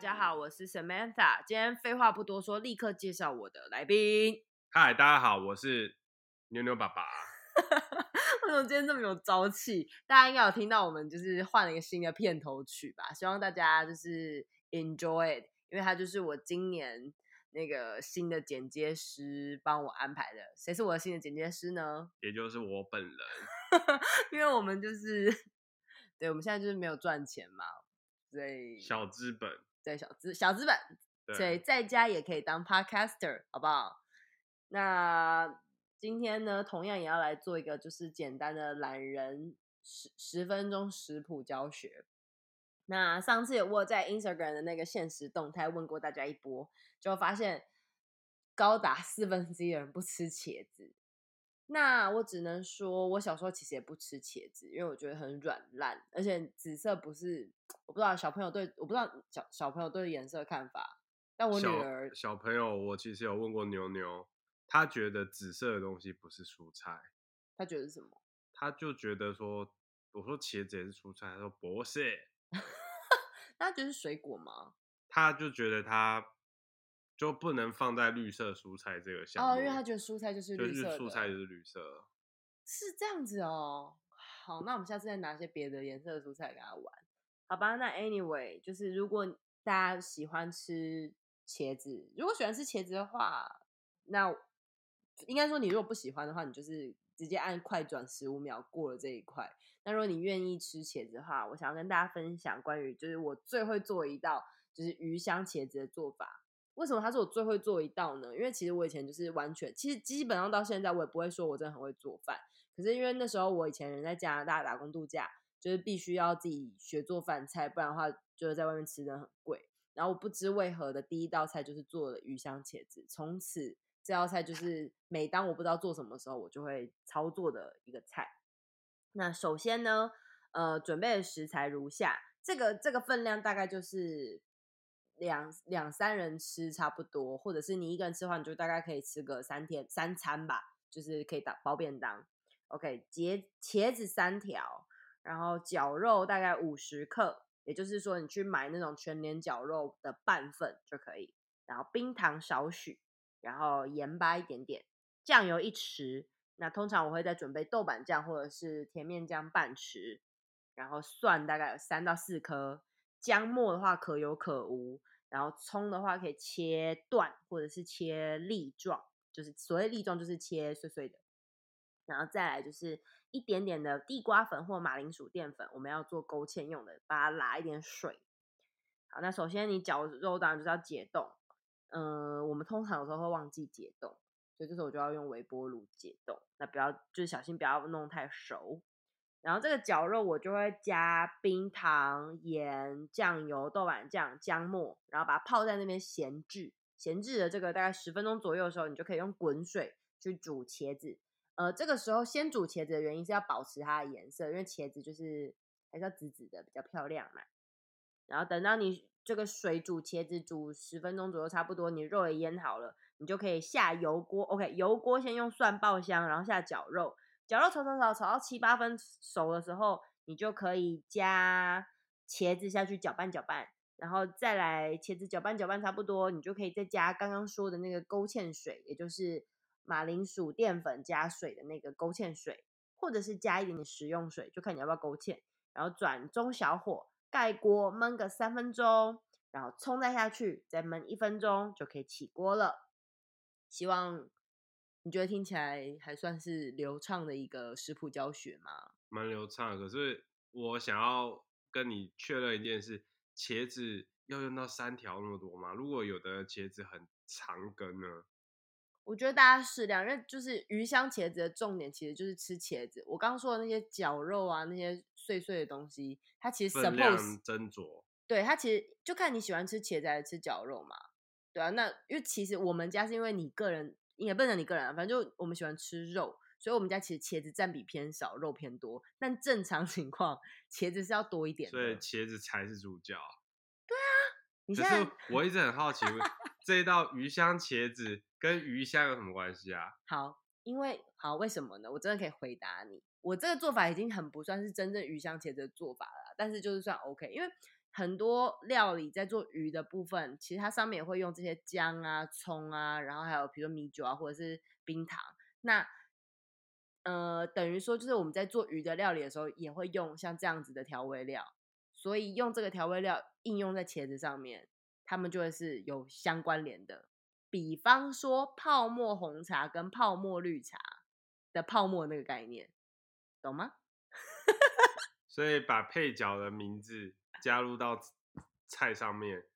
大家好，我是 Samantha。今天廢話不多說，立刻介紹我的來賓。嗨，大家好，我是妞妞爸爸。 為什麼今天這麼有朝氣？大家應該有聽到我們就是換了一個新的片頭曲吧？希望大家就是 enjoy it, 因為他就是我今年那個新的剪接師幫我安排的。誰是我的新的剪接師呢？也就是我本人， 因為我們就是，對，我們現在就是沒有賺錢嘛，所以小資本。在小資小資本，所以在家也可以當 Podcaster，好不好？那今天呢，同樣也要來做一個就是簡單的懶人十十分鐘食譜教學。那上次也我有握在 Instagram 的那個限時動態問過大家一波，就發現高達四分之一的人不吃茄子。那我只能說，我小時候其實也不吃茄子，因為我覺得很軟爛，而且紫色不是。我不知道小朋友對，我不知道小小朋友對顏色的看法。但我女兒小，小朋友，我其實有問過妞妞，他覺得紫色的東西不是蔬菜，他覺得是什麼？他就覺得說，我說茄子也是蔬菜，他說不是，博士 那就是水果嗎？他就覺得他就不能放在綠色蔬菜這個項。哦、啊，因為他覺得蔬菜就是綠色。就是、蔬菜就是綠色，是這樣子哦、喔。好，那我們下次再拿些別的顏色的蔬菜給他玩。好吧，那 anyway 就是如果大家喜歡吃茄子，如果喜歡吃茄子的話，那應該說你如果不喜歡的話，你就是直接按快轉十五秒過了這一塊。那如果你願意吃茄子的話，我想要跟大家分享關於就是我最會做一道就是魚香茄子的做法。為什麼它是我最會做一道呢？因為其實我以前就是完全，其實基本上到現在我也不會說我真的很會做飯，可是因為那時候我以前人在加拿大打工度假。就是必須要自己學做飯菜，不然的話就是在外面吃得很貴。然後我不知為何的第一道菜就是做了魚香茄子，從此這道菜就是每當我不知道做什麼的時候，我就會操作的一個菜。那首先呢，呃，準備的食材如下，這個這個分量大概就是兩兩三人吃差不多，或者是你一個人吃的話，你就大概可以吃個三天三餐吧，就是可以打包便當。OK，茄茄子三條。然後絞肉大概五十克，也就是說你去買那種全聯絞肉的半份就可以。然後冰糖少許，然後鹽巴一點點，醬油一匙。那通常我會再準備豆瓣醬或者是甜麵醬半匙。然後蒜大概有三到四顆，薑末的話可有可無。然後蔥的話可以切段或者是切粒狀，就是所謂粒狀就是切碎碎的。然後再來就是一點點的地瓜粉或馬鈴薯澱粉，我們要做勾芡用的，把它拉一點水。好，那首先你絞肉當然就是要解凍，嗯，我們通常有時候會忘記解凍，所以這時候我就要用微波爐解凍。那不要就是小心不要弄太熟。然後這個絞肉我就會加冰糖、鹽、醬油、豆瓣醬、薑末，然後把它泡在那邊閒置。閒置的這個大概十分鐘左右的時候，你就可以用滾水去煮茄子。呃，這個時候先煮茄子的原因是要保持它的顏色，因為茄子就是還是要紫紫的，比較漂亮嘛。然後等到你這個水煮茄子煮十分鐘左右，差不多，你肉也醃好了，你就可以下油鍋。OK，油鍋先用蒜爆香，然後下絞肉，絞肉炒炒炒，炒到七八分熟的時候，你就可以加茄子下去攪拌攪拌，然後再來茄子攪拌攪拌，差不多，你就可以再加剛剛說的那個勾芡水，也就是。馬鈴薯澱粉加水的那個勾芡水，或者是加一點點食用水，就看你要不要勾芡。然後轉中小火，蓋鍋燜個三分鐘，然後蔥再下去，再燜一分鐘就可以起鍋了。希望你覺得聽起來還算是流暢的一個食譜教學嗎？蠻流暢的，可是我想要跟你確認一件事：茄子要用到三條那麼多嗎？如果有的茄子很長根呢？我覺得大家適量，就是魚香茄子的重點其實就是吃茄子。我剛剛說的那些絞肉啊，那些碎碎的東西，它其實什麼？都斟酌。對，它其實就看你喜歡吃茄子還是吃絞肉嘛。對啊，那因為其實我們家是因為你個人，也不能你個人啊，反正就我們喜歡吃肉，所以我們家其實茄子占比偏少，肉偏多。但正常情況，茄子是要多一點的。所以茄子才是主角。對啊，你現在。可是我一直很好奇， 這一道魚香茄子，跟魚香有什麼關係啊？好，因為好，為什麼呢？我真的可以回答你，我這個做法已經很不算是真正魚香茄子的做法了，但是就是算 OK，因為很多料理在做魚的部分，其實它上面也會用這些薑啊、蔥啊，然後還有比如說米酒啊，或者是冰糖，那呃，等於說就是我們在做魚的料理的時候，也會用像這樣子的調味料，所以用這個調味料應用在茄子上面，它們就會是有相關聯的。比方說泡沫紅茶跟泡沫綠茶的泡沫那個概念，懂嗎？ 所以把配角的名字加入到菜上面，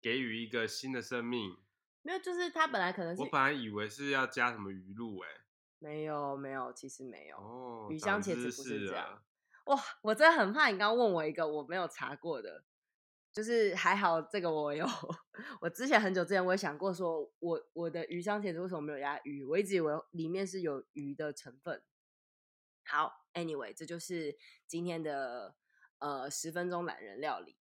給予一個新的生命。沒有，就是它本來可能是……我本來以為是要加什麼魚露、欸，哎，沒有，沒有，其實沒有。哦，魚香茄子不是這樣。啊、哇，我真的很怕你剛剛問我一個我沒有查過的。就是還好，這個我有。我之前很久之前我也想過，說我我的魚香茄子為什麼沒有加魚？我一直以為裡面是有魚的成分。好，anyway，這就是今天的呃十分鐘懶人料理。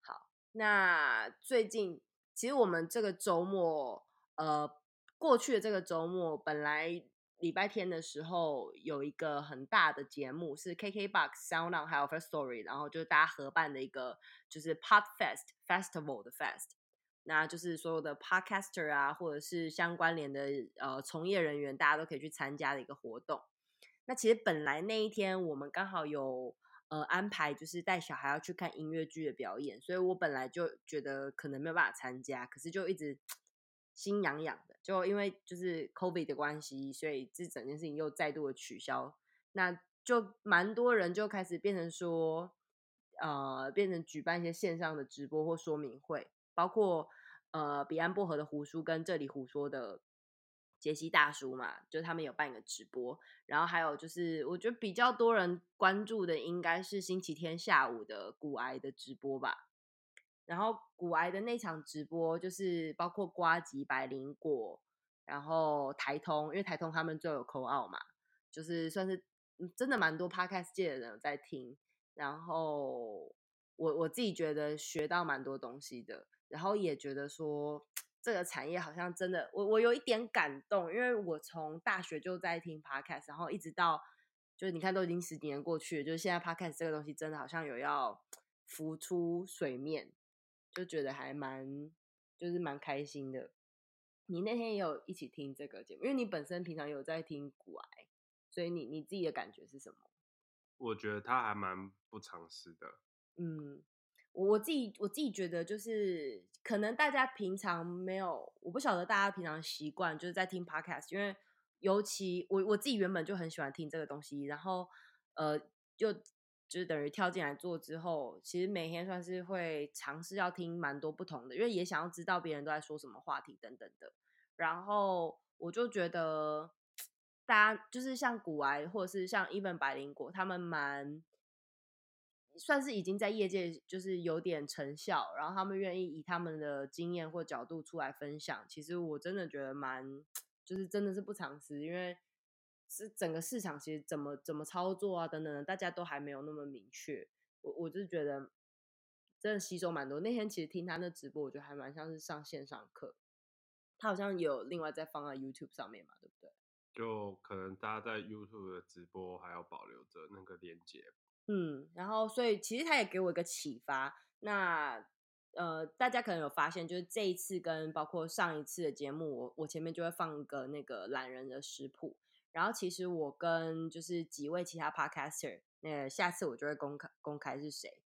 好，那最近其實我們這個周末，呃，過去的這個周末本來。禮拜天的時候有一個很大的節目，是 KKBOX SoundOn 還有 First Story，然後就是大家合辦的一個就是 Pod Fest Festival 的 Fest，那就是所有的 Podcaster 啊或者是相關聯的呃從業人員，大家都可以去參加的一個活動。那其實本來那一天我們剛好有呃安排，就是帶小孩要去看音樂劇的表演，所以我本來就覺得可能沒有辦法參加，可是就一直。心癢癢的，就因為就是 COVID 的關係，所以這整件事情又再度的取消，那就蠻多人就開始變成說，呃，變成舉辦一些線上的直播或說明會，包括呃彼岸薄荷的胡叔跟這裡胡說的杰西大叔嘛，就他們有辦一個直播，然後還有就是我覺得比較多人關注的應該是星期天下午的股癌的直播吧。然後股癌的那場直播，就是包括呱吉、百靈果，然後台通，因為台通他們就有口號嘛，就是算是真的蠻多 podcast 界的人在聽。然後我我自己覺得學到蠻多東西的，然後也覺得說這個產業好像真的，我我有一點感動，因為我從大學就在聽 podcast，然後一直到就是你看都已經十幾年過去了，就是現在 podcast 這個東西真的好像有要浮出水面。就覺得還蠻，就是蠻開心的。你那天也有一起聽這個節目，因為你本身平常有在聽股癌，所以你你自己的感覺是什麼？我覺得他還蠻不常識的。嗯，我自己我自己覺得就是，可能大家平常沒有，我不曉得大家平常習慣就是在聽 Podcast，因為尤其我我自己原本就很喜歡聽這個東西，然後呃就。就是等於跳進來做之後，其實每天算是會嘗試要聽蠻多不同的，因為也想要知道別人都在說什麼話題等等的。然後我就覺得，大家就是像股癌或者是像 Even 百靈果，他們蠻算是已經在業界就是有點成效，然後他們願意以他們的經驗或角度出來分享，其實我真的覺得蠻就是真的是不藏私，因為。是整個市場其實怎麼怎麼操作啊等等的，大家都還沒有那麼明確。我我就覺得真的吸收蠻多。那天其實聽他那直播，我覺得還蠻像是上線上課。他好像有另外再放在 YouTube 上面嘛，對不對？就可能大家在 YouTube 的直播還要保留着那個鏈接。嗯，然後所以其實他也給我一個啟發。那呃，大家可能有發現，就是這一次跟包括上一次的節目，我我前面就會放一個那個懶人的食譜。然後其實我跟就是幾位其他 podcaster，那下次我就會公開公開是誰。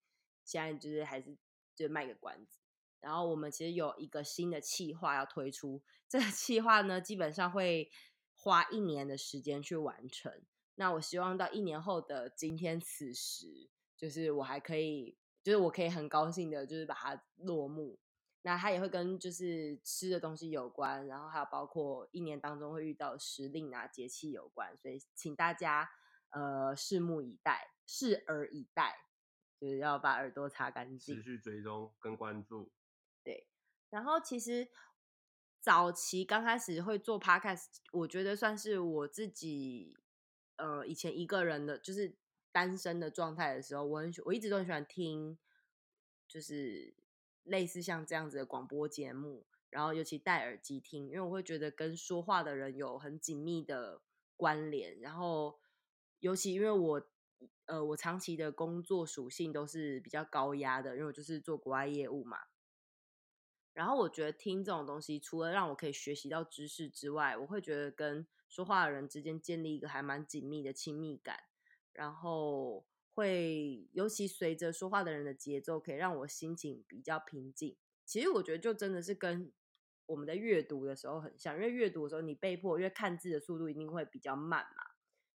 現在就是還是就賣個關子。然後我們其實有一個新的計劃要推出，這個計劃呢基本上會花一年的時間去完成。那我希望到一年後的今天此時，就是我還可以，就是我可以很高興的，就是把它落幕。那它也會跟就是吃的東西有關，然後還有包括一年當中會遇到時令啊節氣有關，所以請大家呃拭目以待，拭耳以待，就是要把耳朵擦乾淨，持續追蹤跟關注。對，然後其實早期剛開始會做 Podcast，我覺得算是我自己呃以前一個人的，就是單身的狀態的時候，我很我一直都很喜歡聽，就是。類似像這樣子的廣播節目，然後尤其戴耳機聽，因為我會覺得跟說話的人有很緊密的關聯。然後尤其因為我，呃，我長期的工作屬性都是比較高壓的，因為我就是做國外業務嘛。然後我覺得聽這種東西，除了讓我可以學習到知識之外，我會覺得跟說話的人之間建立一個還蠻緊密的親密感。然後。會，尤其隨着說話的人的節奏，可以讓我心情比較平靜。其實我覺得，就真的是跟我們在閱讀的時候很像，因為閱讀的時候你被迫，因為看字的速度一定會比較慢嘛，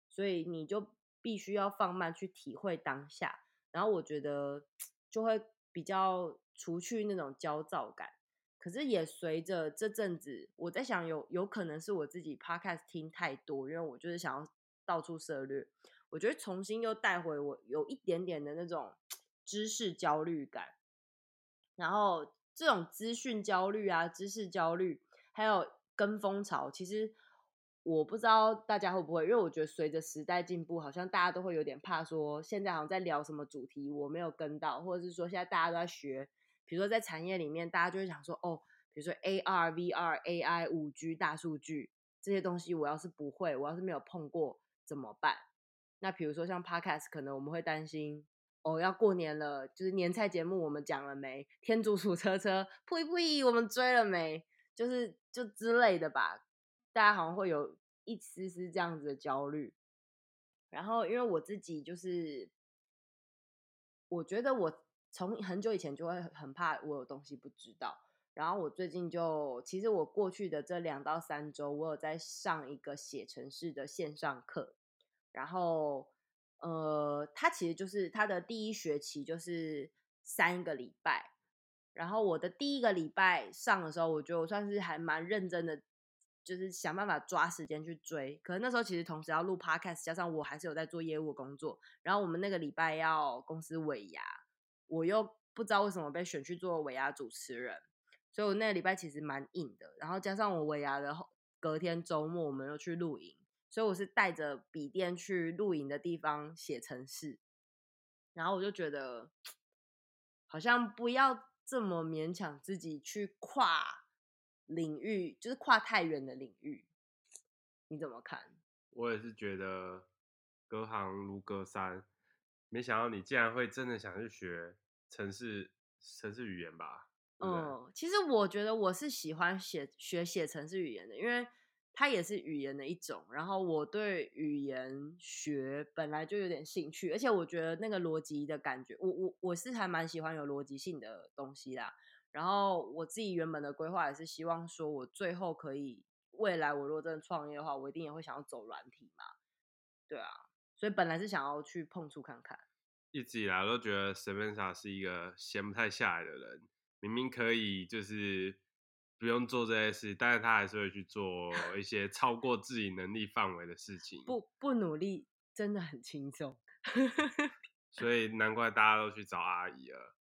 所以你就必須要放慢去體會當下。然後我覺得就會比較除去那種焦躁感。可是也隨着這陣子，我在想有，有有可能是我自己 podcast 聽太多，因為我就是想要到處涉獵。我覺得重新又帶回我有一點點的那種知識焦慮感，然後這種資訊焦慮啊、知識焦慮，還有跟風潮，其實我不知道大家會不會，因為我覺得隨着時代進步，好像大家都會有點怕說，現在好像在聊什麼主題，我沒有跟到，或者是說現在大家都在學，比如說在產業裡面，大家就會想說，哦，比如說 AR、VR、AI、5G、大數據這些東西，我要是不會，我要是沒有碰過，怎麼辦？那比如說像 Podcast，可能我們會擔心哦，要過年了，就是年菜節目我們講了沒？天竺鼠車車，PUI PUI，我們追了沒？就是就之類的吧，大家好像會有一絲絲這樣子的焦慮。然後，因為我自己就是，我覺得我從很久以前就會很怕我有東西不知道。然後我最近就，其實我過去的這兩到三周，我有在上一個寫程式的線上課。然後，呃，他其實就是他的第一學期就是三個禮拜，然後我的第一個禮拜上的時候，我就算是還蠻認真的，就是想辦法抓時間去追。可是那時候其實同時要錄 podcast，加上我還是有在做業務工作。然後我們那個禮拜要公司尾牙，我又不知道為什麼被選去做尾牙主持人，所以我那個禮拜其實蠻硬的。然後加上我尾牙的後隔天周末，我們又去露營。所以我是帶着筆電去露營的地方寫程式，然後我就覺得好像不要這麼勉強自己去跨領域，就是跨太遠的領域。你怎麼看？我也是覺得隔行如隔山，沒想到你竟然會真的想去學程式程式語言吧？嗯、呃，其實我覺得我是喜歡寫學寫程式語言的，因為。它也是語言的一種，然後我對語言學本來就有點興趣，而且我覺得那個邏輯的感覺，我我我是還蠻喜歡有邏輯性的東西啦。然後我自己原本的規劃也是希望說，我最後可以未來我如果真的創業的話，我一定也會想要走軟體嘛。對啊，所以本來是想要去碰觸看看。一直以來都覺得 Samantha 是一個閒不太下來的人，明明可以就是。不用做這些事，但是他還是會去做一些超過自己能力範圍的事情。不，不努力真的很輕鬆， 所以難怪大家都去找阿姨了，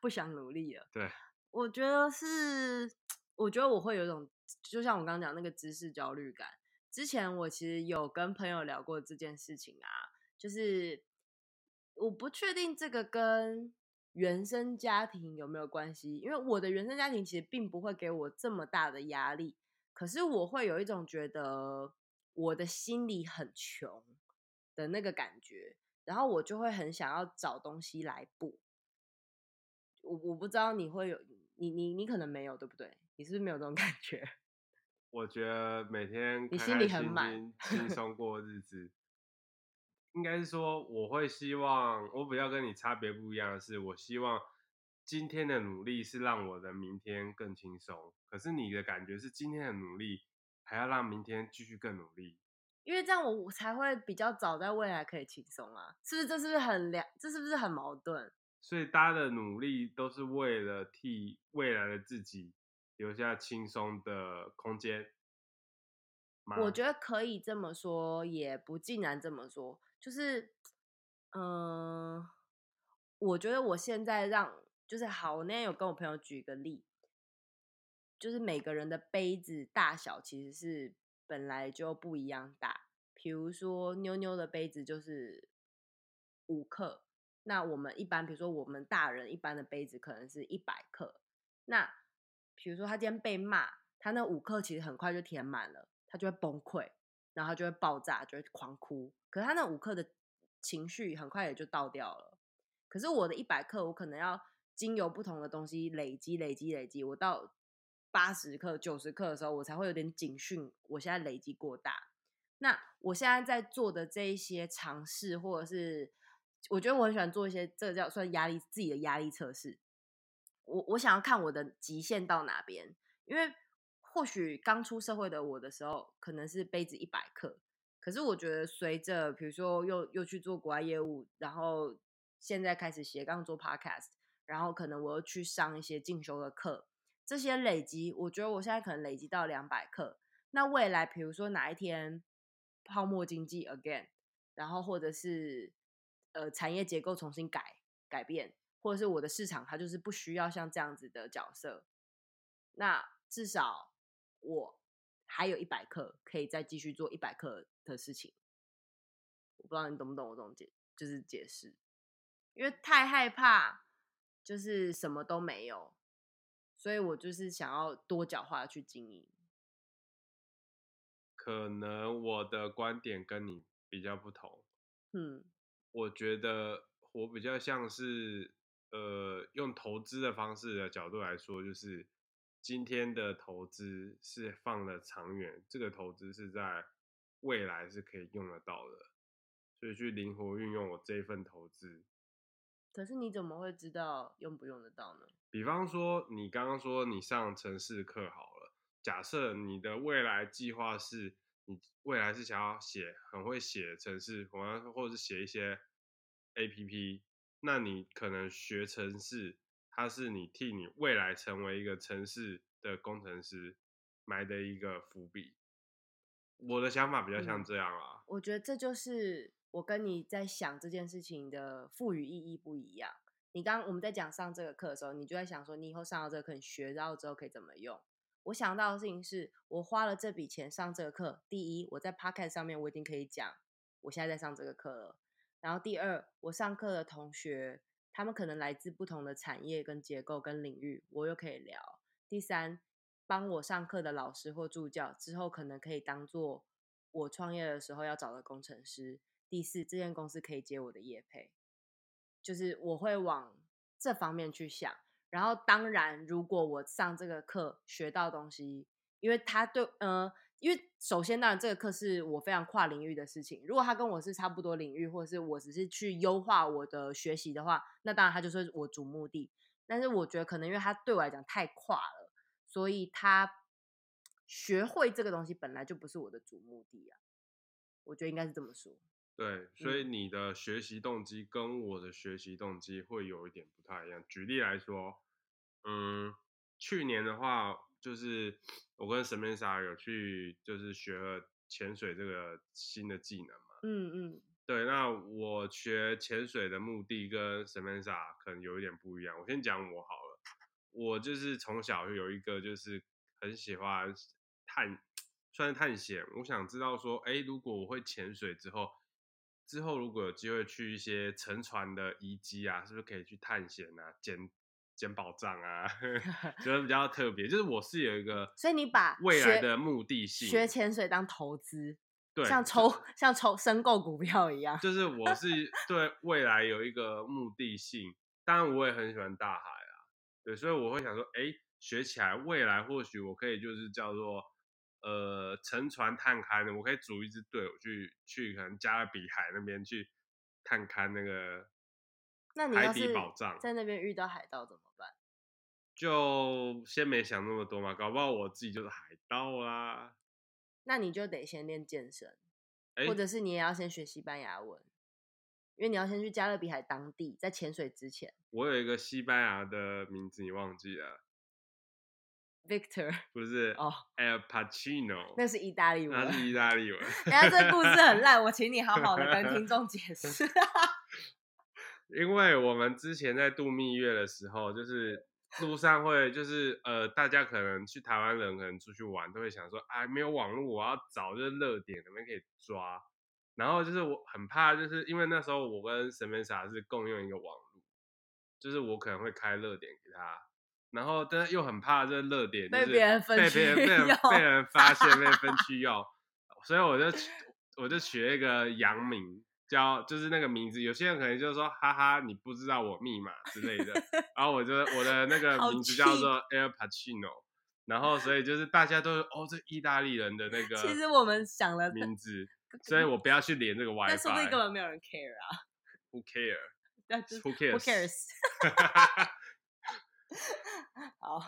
不想努力了。對，我覺得是，我覺得我會有一種，就像我剛剛講那個知識焦慮感。之前我其實有跟朋友聊過這件事情啊，就是我不確定這個跟。原生家庭有沒有關係？因為我的原生家庭其實並不會給我這麼大的壓力，可是我會有一種覺得我的心裡很窮的那個感覺，然後我就會很想要找東西來補。我我不知道你會有，你你你，你可能沒有，對不對？你是不是沒有這種感覺？我覺得每天你心裡很滿，輕鬆過日子。 應該是說，我會希望我比較跟你差別不一樣的是，我希望今天的努力是讓我的明天更輕鬆。可是你的感覺是，今天的努力還要讓明天繼續更努力，因為這樣我才會比較早在未來可以輕鬆啊，是不是？這是不是很這是不是很矛盾？所以大家的努力都是為了替未來的自己留下輕鬆的空間。我覺得可以這麼說，也不盡然這麼說。就是，嗯，我覺得我現在讓就是好，我那天有跟我朋友舉一個例，就是每個人的杯子大小其實是本來就不一樣大。比如說妞妞的杯子就是五克，那我們一般比如說我們大人一般的杯子可能是一百克。那比如說他今天被罵，他那五克其實很快就填滿了，他就會崩潰。然後他就會爆炸，就會狂哭。可是他那五克的情緒很快也就倒掉了。可是我的一百克，我可能要經由不同的東西累積、累積、累積。我到八十克、九十克的時候，我才會有點警訊。我現在累積過大。那我現在在做的這一些嘗試，或者是我覺得我很喜歡做一些，這個叫算壓力自己的壓力測試。我我想要看我的極限到哪邊，因為。或許剛出社會的我的時候，可能是杯子一百克，可是我覺得隨着，比如說又又去做國外業務，然後現在開始斜槓做 podcast，然後可能我又去上一些進修的課，這些累積，我覺得我現在可能累積到兩百克。那未來，比如說哪一天泡沫經濟 again，然後或者是呃產業結構重新改改變，或者是我的市場它就是不需要像這樣子的角色，那至少。我還有一百克，可以再繼續做一百克的事情。我不知道你懂不懂我這種解，就是解釋，因為太害怕，就是什麼都沒有，所以我就是想要多角化去經營。可能我的觀點跟你比較不同，嗯，我覺得我比較像是呃，用投資的方式的角度來說，就是。今天的投資是放的長遠，這個投資是在未來是可以用得到的，所以去靈活運用我這一份投資。可是你怎麼會知道用不用得到呢？比方說你剛剛說你上程式課好了，假設你的未來計劃是你未來是想要寫很會寫程式，或者或者是寫一些 APP，那你可能學程式。它是你替你未來成為一個城市的工程師埋的一個伏筆。我的想法比較像這樣啊，嗯，我覺得這就是我跟你在想這件事情的賦予意義不一樣。你剛我們在講上這個課的時候，你就在想說你以後上到這個課你學到之後可以怎麼用。我想到的事情是我花了這筆錢上這個課，第一我在 Podcast 上面我已經可以講我現在在上這個課了，然後第二我上課的同學。他們可能來自不同的產業、跟結構、跟領域，我又可以聊。第三，幫我上課的老師或助教，之後可能可以當做我創業的時候要找的工程師。第四，這間公司可以接我的業配，就是我會往這方面去想。然後，當然，如果我上這個課學到東西，因為他對，嗯因為首先，當然這個課是我非常跨領域的事情。如果他跟我是差不多領域，或是我只是去優化我的學習的話，那當然他就是我主目的。但是我覺得可能因為他對我來講太跨了，所以他學會這個東西本來就不是我的主目的啊。我覺得應該是這麼說。對，所以你的學習動機跟我的學習動機會有一點不太一樣。舉例來說，嗯，去年的話。就是我跟神秘沙有去，就是學了潛水這個新的技能嘛。嗯嗯。對，那我學潛水的目的跟神秘沙可能有一點不一樣。我先講我好了，我就是從小就有一個就是很喜歡探，算是探險。我想知道說，哎、欸，如果我會潛水之後，之後如果有機會去一些沉船的遺跡啊，是不是可以去探險啊？簡撿寶藏啊呵呵，覺得比較特別。就是我是有一個，所以你把未來的目的性，學，的目的性學潛水當投資，對，像抽像抽申購股票一樣。就是我是對未來有一個目的性， 當然我也很喜歡大海啊。對，所以我會想說，哎，學起來未來或許我可以就是叫做呃乘船探勘，我可以組一支隊伍去去可能加勒比海那邊去探勘那個海底寶藏，那你在那邊遇到海盜怎麼？就先沒想那麼多嘛，搞不好我自己就是海盜啦、啊。那你就得先練健身、欸，或者是你也要先學西班牙文，因為你要先去加勒比海當地，在潛水之前。我有一個西班牙的名字，你忘記了？Victor 不是哦、oh,，El Pacino。那是意大利文，那是意大利文。人 家這個、故事很爛， 我請你好好的跟聽眾解釋。 因為我們之前在度蜜月的時候，就是。路上會就是呃，大家可能去台灣人可能出去玩都會想說，哎、啊，沒有網絡，我要找這個熱點怎麼可以抓。然後就是我很怕，就是因為那時候我跟沈美莎是共用一個網絡，就是我可能會開熱點給她，然後但是又很怕這熱點就是被別人分被別人被人，被人發現 被分區要，所以我就我就學一個洋名。叫就是那個名字，有些人可能就是說，哈哈，你不知道我密碼之類的。 然後我就我的那個名字叫做 Air Pacino，然後所以就是大家都說哦，這意大利人的那個。其實我們想了名字，所以我不要去連這個 WiFi。那是不是根本沒有人 care 啊？Who cares？Who cares？Who cares？Who cares? 好，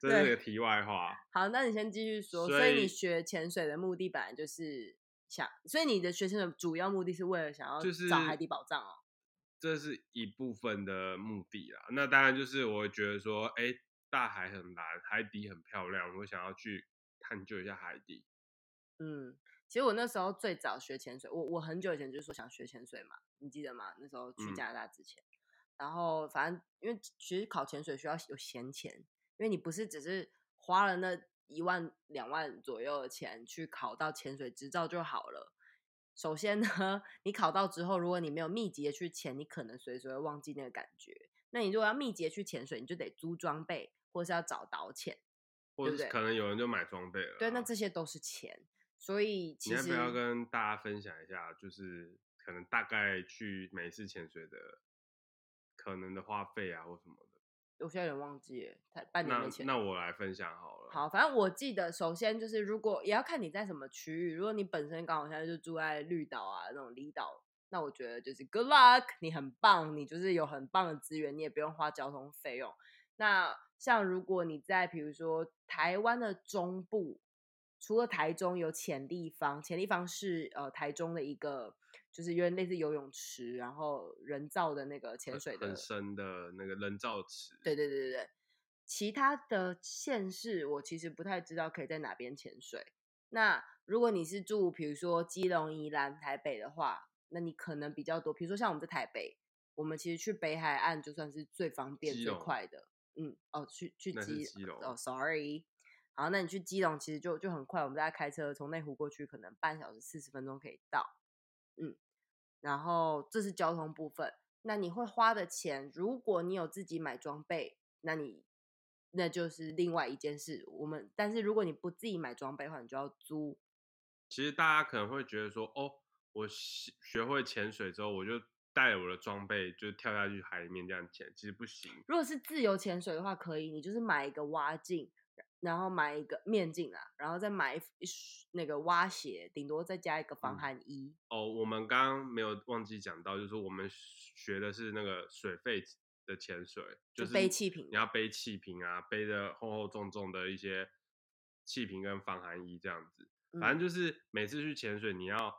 這，就是那個題外話。好，那你先繼續說。所以，所以你學潛水的目的本來就是。所以你的學生的主要目的是為了想要、就是、找海底寶藏哦，這是一部分的目的啦。那當然就是我覺得說，哎、欸，大海很藍，海底很漂亮，我想要去探究一下海底。嗯，其實我那時候最早學潛水，我我很久以前就說想學潛水嘛，你記得嗎？那時候去加拿大之前，嗯、然後反正因為其實考潛水需要有閒錢，因為你不是只是花了那。一萬兩萬左右的錢去考到潛水執照就好了。首先呢，你考到之後，如果你沒有密集的去潛，你可能隨時會忘記那個感覺。那你如果要密集的去潛水，你就得租裝備，或是要找導潛，對不對？或者可能有人就買裝備了。對，那這些都是錢，所以其實你要不要跟大家分享一下，就是可能大概去每次潛水的可能的花費啊，或什麼的？我現在有點忘記，他半年前。那我來分享好了。好，反正我記得，首先就是如果也要看你在什麼區域。如果你本身剛好現在就住在綠島啊那種離島，那我覺得就是 good luck，你很棒，你就是有很棒的資源，你也不用花交通費用。那像如果你在比如說台灣的中部，除了台中有潛立方，潛立方是呃台中的一個，就是有點類似游泳池，然後人造的那個潛水的很，很深的那個人造池。對對對對對。其他的縣市，我其實不太知道可以在哪邊潛水。那如果你是住，比如說基隆、宜蘭、台北的話，那你可能比較多。比如說像我們在台北，我們其實去北海岸就算是最方便最快的。嗯哦，去去基、基隆哦，sorry。好，那你去基隆其實就就很快，我們大家開車從內湖過去，可能半小時四十分鐘可以到。嗯，然後這是交通部分。那你會花的錢，如果你有自己買裝備，那你。那就是另外一件事。我們，但是如果你不自己買裝備的話，你就要租。其實大家可能會覺得說，哦，我學會潛水之後，我就帶我的裝備就跳下去海裡面這樣潛，其實不行。如果是自由潛水的話，可以，你就是買一個蛙鏡，然後買一個面鏡啊，然後再買一，一那個蛙鞋，頂多再加一個防寒衣。嗯。哦，我們剛剛沒有忘記講到，就是我們學的是那個水肺。的潛水就是背氣瓶，你要背氣瓶啊、背氣瓶啊，背着厚厚重重的一些氣瓶跟防寒衣這樣子，反正就是每次去潛水，你要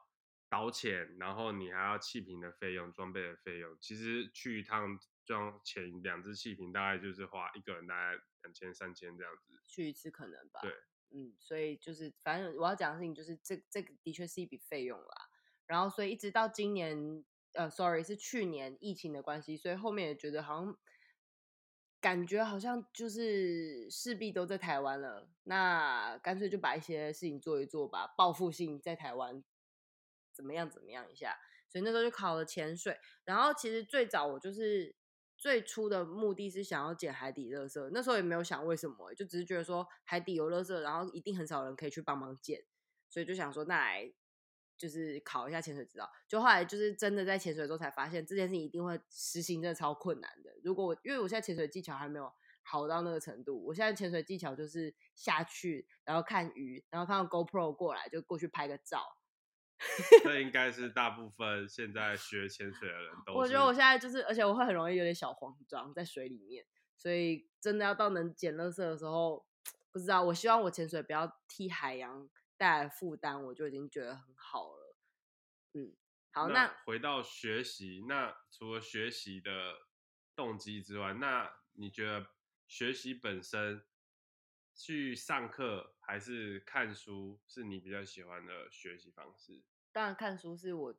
導潛，嗯，然後你還要氣瓶的費用、裝備的費用，其實去一趟裝潛兩隻氣瓶大概就是花一個人大概兩千三千這樣子，去一次可能吧。對，嗯，所以就是反正我要講的事情就是這這個的確是一筆費用啦，然後所以一直到今年。呃、uh，sorry，是去年疫情的關係，所以後面也覺得好像感覺好像就是勢必都在台灣了，那乾脆就把一些事情做一做吧，報復性在台灣怎麼樣怎麼樣一下，所以那時候就考了潛水。然後其實最早我就是最初的目的是想要撿海底垃圾，那時候也沒有想為什麼、欸，就只是覺得說海底有垃圾，然後一定很少人可以去幫忙撿，所以就想說那來。就是考一下潛水執照，就後來就是真的在潛水的時候才發現，這件事情一定會實行，真的超困難的。如果我因為我現在潛水技巧還沒有好到那個程度，我現在潛水技巧就是下去，然後看魚，然後看到 GoPro 過來就過去拍個照。 這應該是大部分現在學潛水的人都。 我覺得我現在就是，而且我會很容易有點小慌張在水裡面，所以真的要到能撿垃圾的時候，不知道。我希望我潛水不要替海洋。帶來負擔，我就已經覺得很好了。嗯，好，那回到學習，那除了學習的動機之外，那你覺得學習本身去上課還是看書是你比較喜歡的學習方式？當然，看書是我，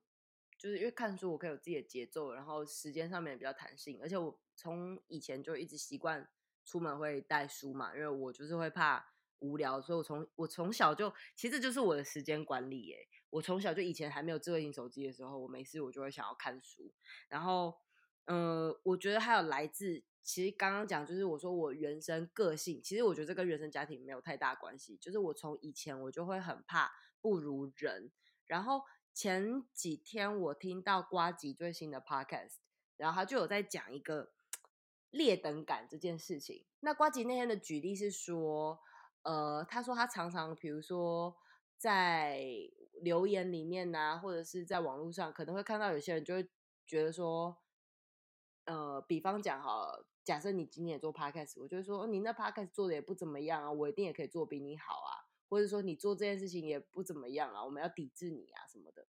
就是因為看書我可以有自己的節奏，然後時間上面也比較彈性，而且我從以前就一直習慣出門會帶書嘛，因為我就是會怕無聊，所以我從我從小就其實就是我的時間管理耶、欸。我從小就以前還沒有智慧型手機的時候，我沒事我就會想要看書。然後，呃，我覺得還有來自其實剛剛講就是我說我原生個性，其實我覺得這跟原生家庭沒有太大關係。就是我從以前我就會很怕不如人。然後前幾天我聽到呱吉最新的 podcast，然後他就有在講一個劣等感這件事情。那呱吉那天的舉例是說。呃，他說他常常，比如說在留言裡面吶、啊，或者是在網絡上，可能會看到有些人就會覺得說，呃，比方講哈，假設你今天也做 podcast，我就會說，哦，你那 podcast 做的也不怎麼樣啊，我一定也可以做比你好啊，或者說你做這件事情也不怎麼樣啊，我們要抵制你啊什麼的。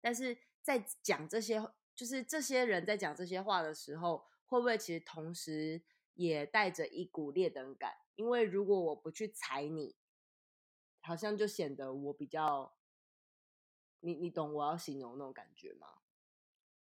但是在講這些，就是這些人在講這些話的時候，會不會其實同時也帶着一股劣等感？因為如果我不去踩你，好像就顯得我比較……你你懂我要形容的那種感覺嗎？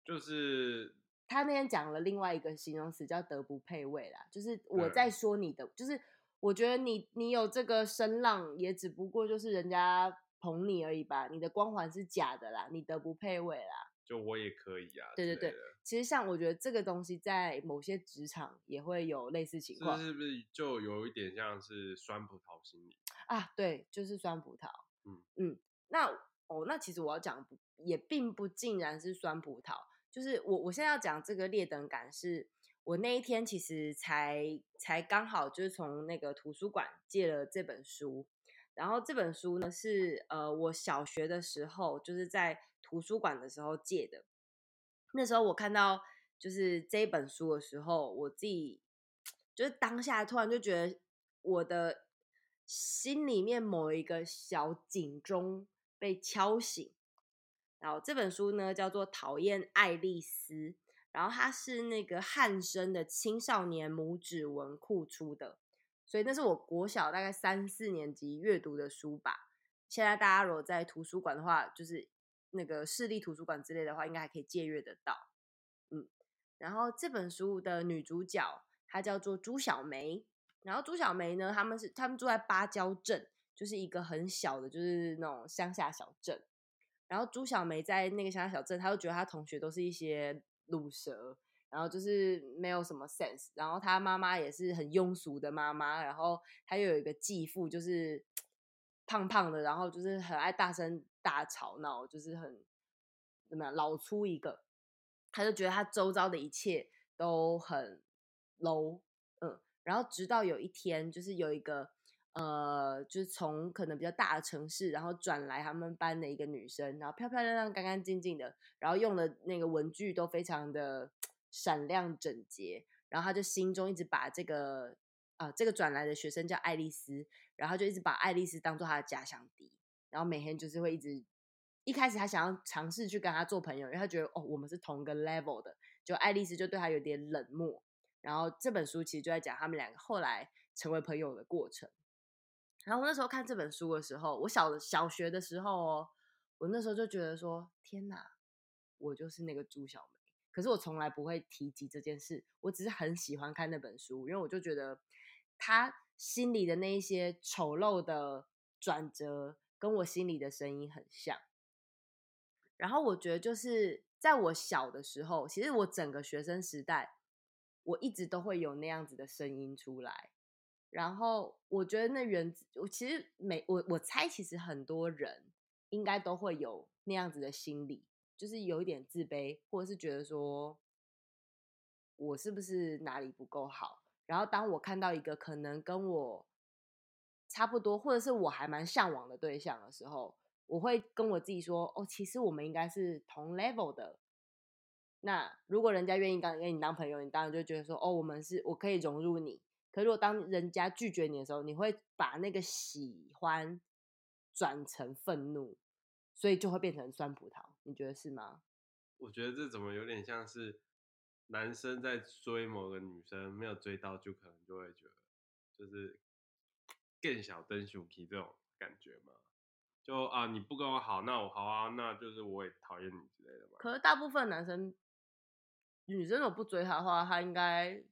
就是他那天講了另外一個形容詞叫“德不配位”啦，就是我在說你的，嗯、就是我覺得你你有這個聲浪，也只不過就是人家捧你而已吧，你的光環是假的啦，你德不配位啦。就我也可以啊，對對對，對，其實像我覺得這個東西在某些職場也會有類似情況，是，是不是就有一點像是酸葡萄心理啊？對，就是酸葡萄。嗯嗯，那哦，那其實我要講也並不盡然是酸葡萄，就是我我現在要講這個劣等感是，是我那一天其實才才剛好就是從那個圖書館借了這本書，然後這本書呢是呃我小學的時候就是在。圖書館的時候借的，那時候我看到就是這本書的時候，我自己就是當下突然就覺得我的心裡面某一個小警鐘被敲醒。然後這本書呢叫做《討厭愛麗絲》，然後它是那個漢生的青少年拇指文庫出的，所以那是我國小大概三四年級閱讀的書吧。現在大家如果在圖書館的話，就是。那個市立圖書館之類的話，應該還可以借閱得到。嗯，然後這本書的女主角她叫做朱小梅，然後朱小梅呢，他們是他們住在芭蕉鎮，就是一個很小的，就是那種鄉下小鎮。然後朱小梅在那個鄉下小鎮，她就覺得她同學都是一些魯蛇，然後就是沒有什麼 sense。然後她媽媽也是很庸俗的媽媽，然後她又有一個繼父，就是胖胖的，然後就是很愛大聲。大吵鬧，就是很怎麼樣老粗一個，他就覺得他周遭的一切都很 low，嗯，然後直到有一天，就是有一個呃，就是從可能比較大的城市，然後轉來他們班的一個女生，然後漂漂亮亮、干干淨淨的，然後用的那個文具都非常的閃亮整潔，然後他就心中一直把這個啊、呃、這個轉來的學生叫愛麗絲，然後他就一直把愛麗絲當做他的假想敵。然後每天就是會一直，一開始他想要嘗試去跟他做朋友，因為他覺得哦，我們是同個 level 的。就愛麗絲就對他有點冷漠。然後這本書其實就在講他們兩個後來成為朋友的過程。然後我那時候看這本書的時候，我小小學的時候哦，我那時候就覺得說，天哪，我就是那個朱小梅。可是我從來不會提及這件事，我只是很喜歡看那本書，因為我就覺得他心裡的那一些醜陋的轉折，跟我心裡的聲音很像，然後我覺得就是在我小的時候，其實我整個學生時代，我一直都會有那樣子的聲音出來。然後我覺得那人，我其實每我我猜，其實很多人應該都會有那樣子的心理，就是有一點自卑，或者是覺得說，我是不是哪裡不夠好？然後當我看到一個可能跟我差不多，或者是我還蠻嚮往的對象的時候，我會跟我自己說：“哦，其實我們應該是同 level 的。那”那如果人家願意跟你當朋友，你當然就覺得說：“哦，我們是我可以融入你。”可如果當人家拒絕你的時候，你會把那個喜歡轉成憤怒，所以就會變成酸葡萄，你覺得是嗎？我覺得這怎麼有點像是男生在追某個女生，沒有追到，就可能就會覺得就是。更小燈小皮這種感覺嗎？就啊，你不跟我好，那我好啊，那就是我也討厭你之類的嘛。可是大部分男生，女生如果不追他的話，他應該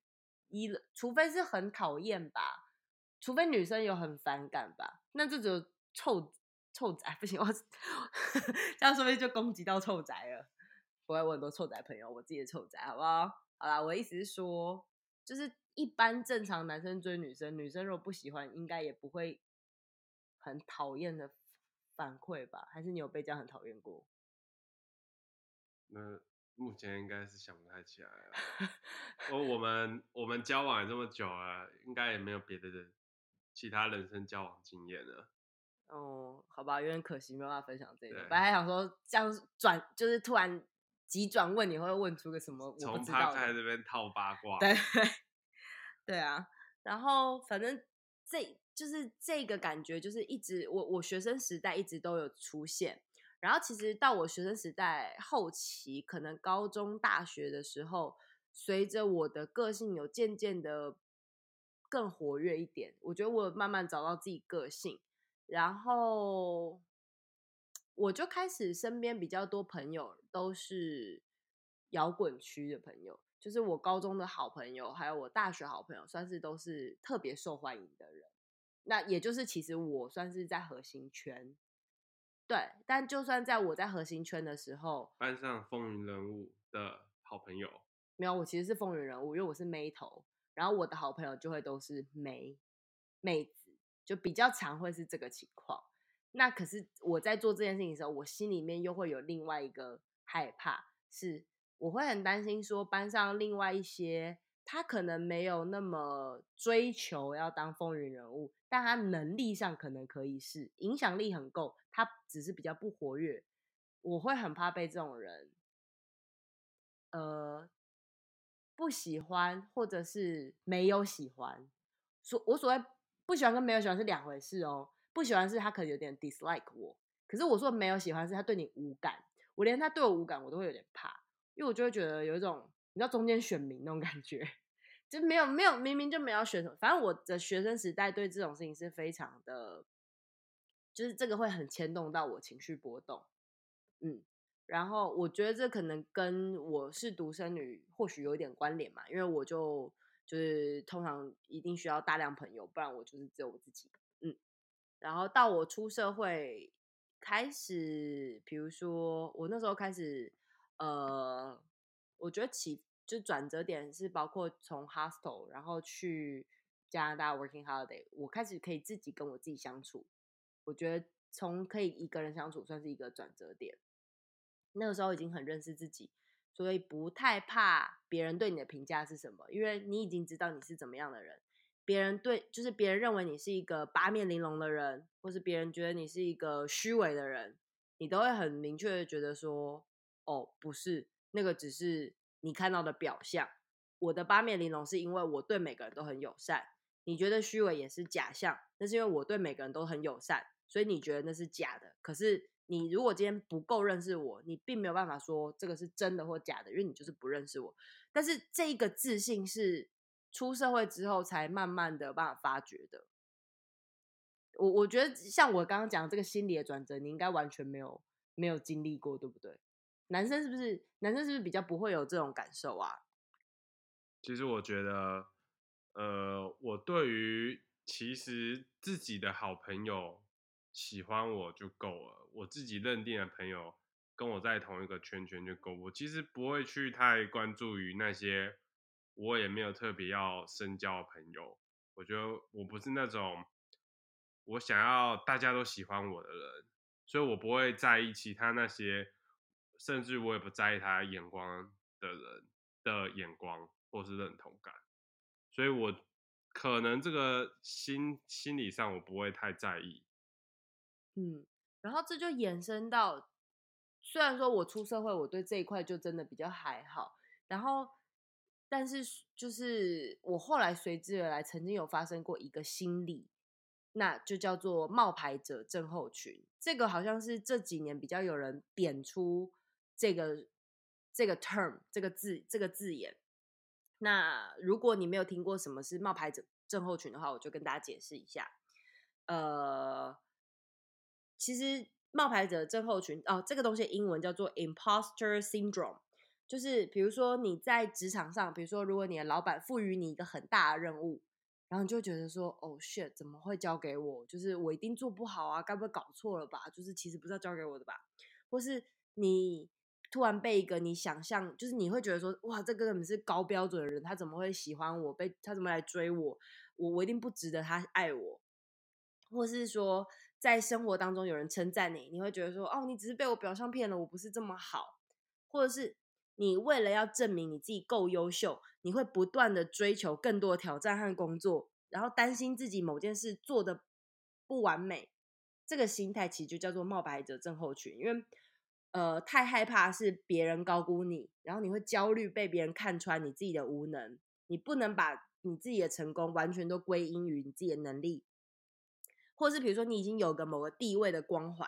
一，除非是很討厭吧，除非女生有很反感吧，那這就只臭臭宅不行，我這樣說不定就攻擊到臭宅了。我也有很多臭宅朋友，我自己的臭宅，好不好？好啦，我的意思是說，就是。一般正常男生追女生，女生如果不喜歡，應該也不會很討厭的反饋吧？還是你有被這樣很討厭過？那目前應該是想不太起來了。我、 哦、我們我們交往了這麼久了，應該也沒有別的其他人生交往經驗了。哦，好吧，有點可惜沒有辦法分享這個。本來還想說這樣轉，就是突然急轉問你會問出個什麼我不知道的。從他在這邊套八卦。對。 對啊，然後反正這就是這個感覺，就是一直我我學生時代一直都有出現，然後其實到我學生時代後期，可能高中大學的時候，隨着我的個性有漸漸的更活躍一點，我覺得我有慢慢找到自己個性，然後我就開始身邊比較多朋友都是搖滾區的朋友。就是我高中的好朋友，還有我大學好朋友，算是都是特別受歡迎的人。那也就是，其實我算是在核心圈。對，但就算在我在核心圈的時候，班上風雲人物的好朋友沒有，我其實是風雲人物，因為我是妹頭，然後我的好朋友就會都是妹妹子，就比較常會是這個情況。那可是我在做這件事情的時候，我心裡面又會有另外一個害怕是。我會很擔心，說班上另外一些，他可能沒有那麼追求要當風雲人物，但他能力上可能可以是影響力很夠，他只是比較不活躍。我會很怕被這種人，呃，不喜歡或者是沒有喜歡。所我所謂不喜歡跟沒有喜歡是兩回事哦。不喜歡是他可能有點 dislike 我，可是我說沒有喜歡是他對你無感，我連他對我無感，我都會有點怕。因為我就會覺得有一種你知道中間選民那種感覺，就沒有沒有明明就沒有選，反正我的學生時代對這種事情是非常的，就是這個會很牽動到我情緒波動，嗯，然後我覺得這可能跟我是獨生女或許有一點關聯嘛，因為我就就是通常一定需要大量朋友，不然我就是只有我自己，嗯，然後到我出社會開始，譬如說我那時候開始。呃，我覺得起，就轉折點是包括從 hostel，然後去加拿大 working holiday，我開始可以自己跟我自己相處。我覺得從可以一個人相處算是一個轉折點。那個時候已經很認識自己，所以不太怕別人對你的評價是什麼，因為你已經知道你是怎麼樣的人。別人對，就是別人認為你是一個八面玲瓏的人，或是別人覺得你是一個虛偽的人，你都會很明確的覺得說。哦，不是，那個只是你看到的表象。我的八面玲瓏是因為我對每個人都很友善。你覺得虛偽也是假象，那是因為我對每個人都很友善，所以你覺得那是假的。可是你如果今天不夠認識我，你並沒有辦法說這個是真的或假的，因為你就是不認識我。但是這個自信是出社會之後才慢慢的辦法發掘的。我我覺得像我剛剛講的這個心理的轉折，你應該完全沒有沒有經歷過，對不對？男生是不是男生是不是比較不會有這種感受啊？其實我覺得，呃，我對於其實自己的好朋友喜歡我就夠了，我自己認定的朋友跟我在同一個圈圈就夠。我其實不會去太關注於那些我也沒有特別要深交的朋友。我覺得我不是那種我想要大家都喜歡我的人，所以我不會在意其他那些。甚至我也不在意他眼光的人的眼光，或是認同感，所以我可能這個心心理上我不會太在意。嗯，然後這就延伸到，雖然說我出社會，我對這一塊就真的比較還好。然後，但是就是我後來隨之而來，曾經有發生過一個心理，那就叫做冒牌者症候群。這個好像是這幾年比較有人點出。這個這個 term 這個字這個字眼，那如果你沒有聽過什麼是冒牌者症候群的話，我就跟大家解釋一下。呃，其實冒牌者症候群哦，這個東西英文叫做 imposter syndrome，就是比如說你在職場上，比如說如果你的老闆賦予你一個很大的任務，然後你就覺得說，哦、oh、shit，怎麼會交給我？就是我一定做不好啊，該不會搞錯了吧？就是其實不是要交給我的吧？或是你。突然被一個你想象，就是你會覺得說，哇，這個根本是高標準的人，他怎麼會喜歡我？被他怎麼來追我？我我一定不值得他愛我。或者是說，在生活當中有人稱讚你，你會覺得說，哦，你只是被我表象騙了，我不是這麼好。或者是你為了要證明你自己夠優秀，你會不斷的追求更多的挑戰和工作，然後擔心自己某件事做得不完美。這個心態其實就叫做冒牌者症候群，因為。呃，太害怕是別人高估你，然後你會焦慮被別人看穿你自己的無能。你不能把你自己的成功完全都歸因於你自己的能力，或是比如說你已經有個某個地位的光環，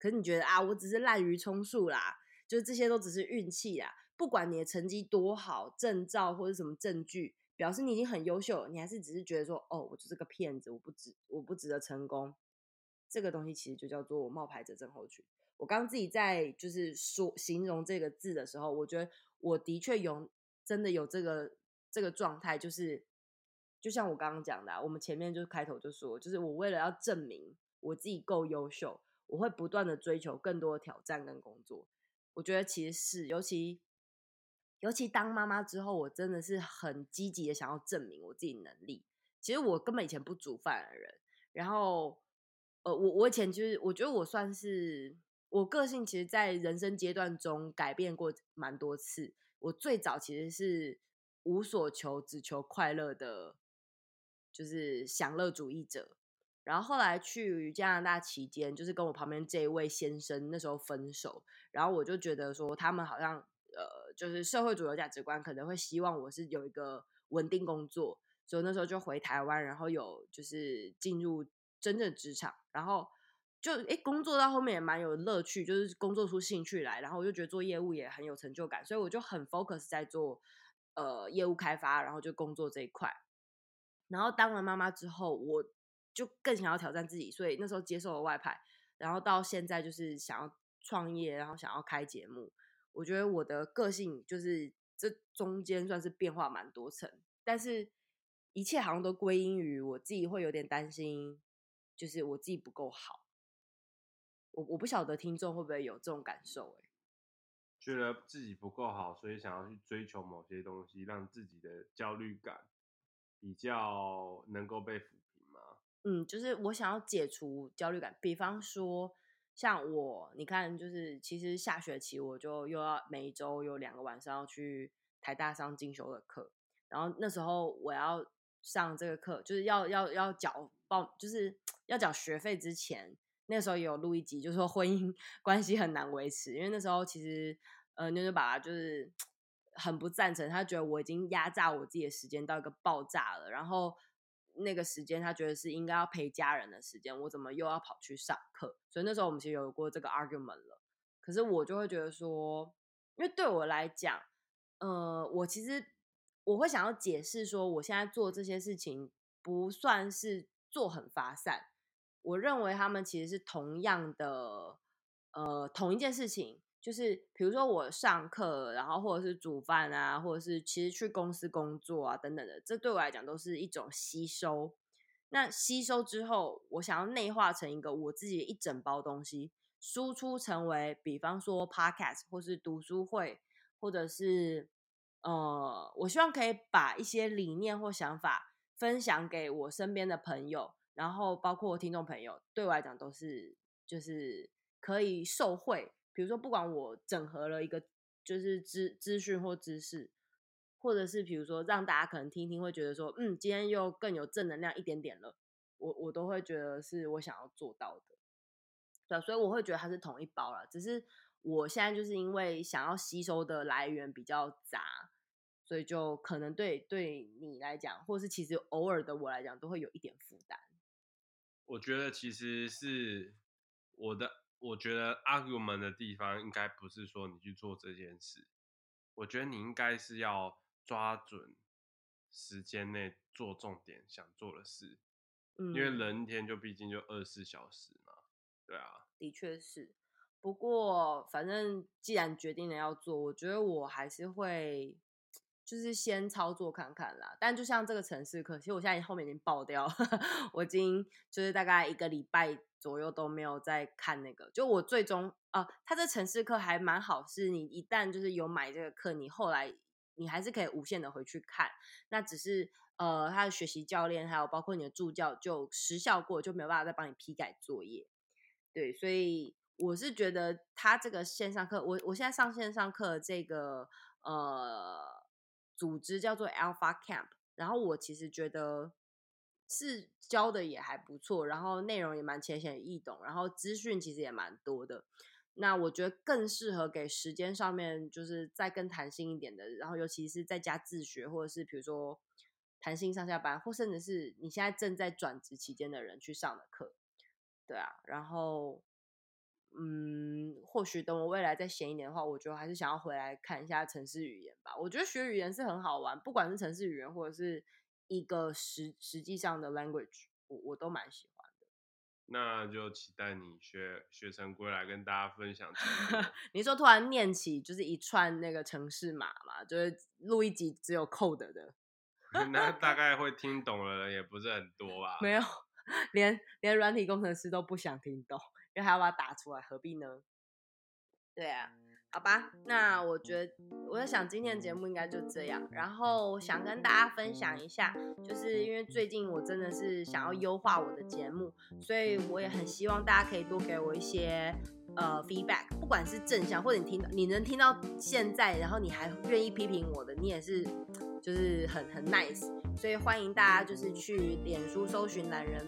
可是你覺得啊，我只是濫竽充數啦，就是這些都只是運氣啦。不管你的成績多好，證照或者什麼證據表示你已經很優秀，你還是只是覺得說，哦，我就是個騙子，我不值，我不值得成功。這個東西其實就叫做我冒牌者症候群。我剛剛自己在就是說形容這個字的時候，我覺得我的確有真的有這個這個狀態，就是就像我剛剛講的啊，我們前面就開頭就說，就是我為了要證明我自己夠優秀，我會不斷的追求更多的挑戰跟工作。我覺得其實是尤其尤其當媽媽之後，我真的是很積極的想要證明我自己能力。其實我根本以前不煮飯的人，然後呃，我我以前就是我覺得我算是。我個性其實，在人生階段中改變過蠻多次。我最早其實是無所求，只求快樂的，就是享樂主義者。然後後來去加拿大期間，就是跟我旁邊這一位先生那時候分手，然後我就覺得說，他們好像呃，就是社會主流價值觀可能會希望我是有一個穩定工作，所以那時候就回台灣，然後有就是進入真正職場，然後。就誒，工作到後面也蠻有樂趣，就是工作出興趣來，然後我就覺得做業務也很有成就感，所以我就很 focus 在做呃業務開發，然後就工作這一塊。然後當了媽媽之後，我就更想要挑戰自己，所以那時候接受了外派，然後到現在就是想要創業，然後想要開節目。我覺得我的個性就是這中間算是變化蠻多層，但是一切好像都歸因於我自己會有點擔心，就是我自己不夠好。我我不曉得聽眾會不會有這種感受哎，覺得自己不夠好，所以想要去追求某些東西，讓自己的焦慮感比較能夠被撫平嗎？嗯，就是我想要解除焦慮感，比方說像我，你看，就是其實下學期我就又要每一周有兩個晚上要去台大上進修的課，然後那時候我要上這個課，就是要要要繳報，就是要繳學費之前。那時候也有錄一集，就是說婚姻關係很難維持，因為那時候其實，呃，妞、嗯、妞爸爸就是很不贊成，他覺得我已經壓榨我自己的時間到一個爆炸了，然後那個時間他覺得是應該要陪家人的時間，我怎麼又要跑去上課？所以那時候我們其實有過這個 argument 了。可是我就會覺得說，因為對我來講，呃，我其實我會想要解釋說，我現在做這些事情不算是做很發散。我認為他們其實是同樣的，呃，同一件事情，就是比如說我上課，然後或者是煮飯啊，或者是其實去公司工作啊，等等的，這對我來講都是一種吸收。那吸收之後，我想要內化成一個我自己一整包的東西，輸出成為，比方說 podcast 或者是讀書會，或者是呃，我希望可以把一些理念或想法分享給我身邊的朋友。然後包括聽眾朋友，對我來講都是就是可以受惠，比如說不管我整合了一個就是資，資訊或知識，或者是比如說讓大家可能聽一聽會覺得說，嗯，今天又更有正能量一點點了，我我都會覺得是我想要做到的，對，所以我會覺得它是同一包啦，只是我現在就是因為想要吸收的來源比較雜，所以就可能對對你來講，或是其實偶爾的我來講，都會有一點負擔。我覺得其實是我的，我覺得 argument 的地方應該不是說你去做這件事，我覺得你應該是要抓準時間內做重點想做的事，嗯，因為人一天就畢竟就二十四小時嘛，對啊，的確是，不過反正既然決定了要做，我覺得我還是會。就是先操作看看啦，但就像這個程式課，其實我現在後面已經爆掉了，我已經就是大概一個禮拜左右都沒有在看那個。就我最終啊、呃，他這程式課還蠻好，是你一旦就是有買這個課，你後來你還是可以無限的回去看。那只是呃，他的學習教練還有包括你的助教就時效過，就沒有辦法再幫你批改作業。對，所以我是覺得他這個線上課，我我現在上線上課的這個呃。組織叫做 Alpha Camp，然後我其實覺得是教的也還不錯，然後內容也蠻淺顯易懂，然後資訊其實也蠻多的。那我覺得更適合給時間上面就是再更彈性一點的，然後尤其是在家自學，或者是比如說彈性上下班，或甚至是你現在正在轉職期間的人去上的課，對啊，然後。嗯，或許等我未來再閒一點的話，我覺得還是想要回來看一下程式語言吧。我覺得學語言是很好玩，不管是程式語言，或者是一個實實際上的 language，我我都蠻喜歡的。那就期待你學學成歸來，跟大家分享經驗 你說突然念起就是一串那個程式碼嘛，就是錄一集只有 code 的， 那大概會聽懂的人也不是很多吧、啊？ 沒有，連連軟體工程師都不想聽懂。因為還要把它打出來，何必呢？對啊，好吧，那我覺得我在想今天的節目應該就這樣。然後想跟大家分享一下，就是因為最近我真的是想要優化我的節目，所以我也很希望大家可以多給我一些呃 feedback，不管是正向或者你聽到你能聽到現在，然後你還願意批評我的，你也是就是很很 nice，所以歡迎大家就是去臉書搜尋欖仁。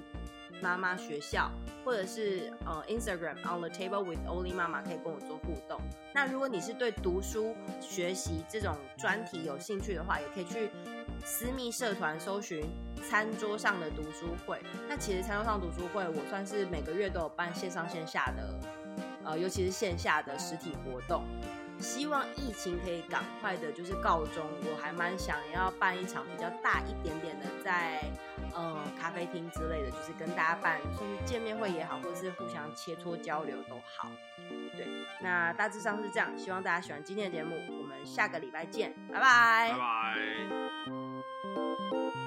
媽媽學校，或者是呃 Instagram on the table with oli 媽媽，可以跟我做互動。那如果你是對讀書學習這種專題有興趣的話，也可以去私密社團搜尋餐桌上的讀書會。那其實餐桌上讀書會，我算是每個月都有辦線上線下的，呃，尤其是線下的實體活動。希望疫情可以趕快的就是告終。我還蠻想要辦一場比較大一點點的，在嗯，咖啡廳之類的，就是跟大家辦，算是見面會也好，或者是互相切磋交流都好。對，那大致上是這樣，希望大家喜歡今天的節目，我們下個禮拜見，拜拜。拜拜。